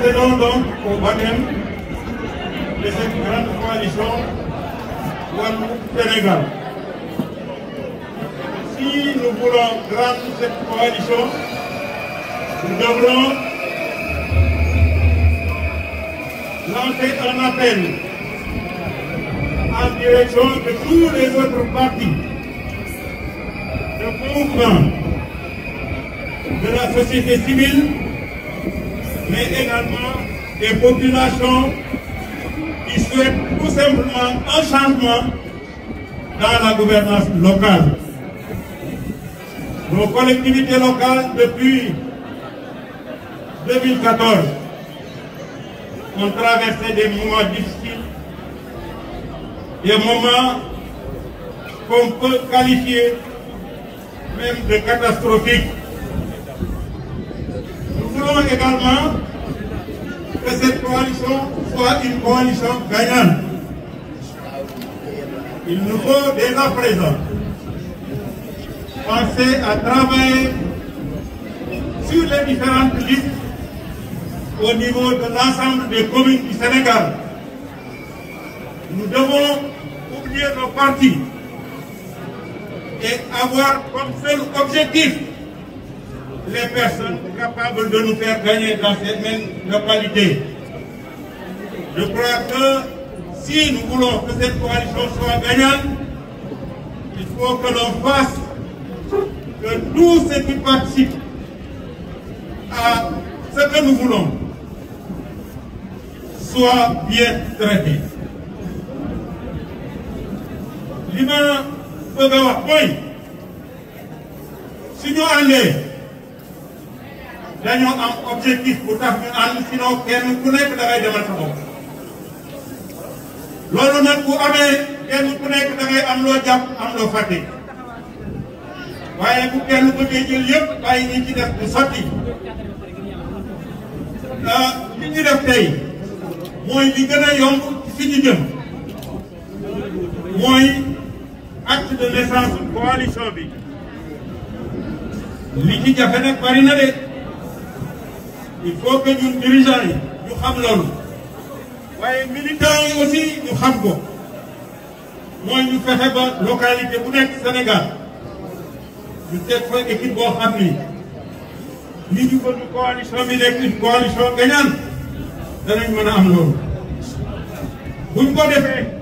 Procédons donc au baptême de cette grande coalition Guadeloupe-Sénégal. Si nous voulons grande cette coalition, nous devrons lancer un appel en direction de tous les autres partis, de de la société civile, mais également des populations qui souhaitent tout simplement un changement dans la gouvernance locale. Nos collectivités locales, depuis 2014, ont traversé des moments difficiles, des moments qu'on peut qualifier même de catastrophiques également que cette coalition soit une coalition gagnante. Il nous faut dès à présent penser à travailler sur les différentes listes au niveau de l'ensemble des communes du Sénégal. Nous devons oublier nos partis et avoir comme seul objectif les personnes capables de nous faire gagner dans cette même localité. Je crois que si nous voulons que cette coalition soit gagnante, il faut que l'on fasse que tout ceux qui participent à ce que nous voulons soit bien traités. L'imam avoir oui, si nous allons dañoo am objectif bu tax ñu ànd sinon kenn ku nekk dangay demal sa loolu nag bu amee kenn ku nekk dangay am loo jàpp am loo fàtte waaye bu kenn bëggee jël yëpp bàyyi ñi ci def bu sotti li ñu def tey mooy li gën a yomb fi ñu jëm mooy acte de naissance coalition bi li ci jafe nag bari na de il faut que ñun dirigeants xam loolu waaye militants yi aussi xam ko mooy ñu fexe ba localité bu nekk senegal ñu teg fa équipe boo xam ni ni ñu bëgg coalition bi nekk une coalition gagnante mën a am loolu buñ ko defee.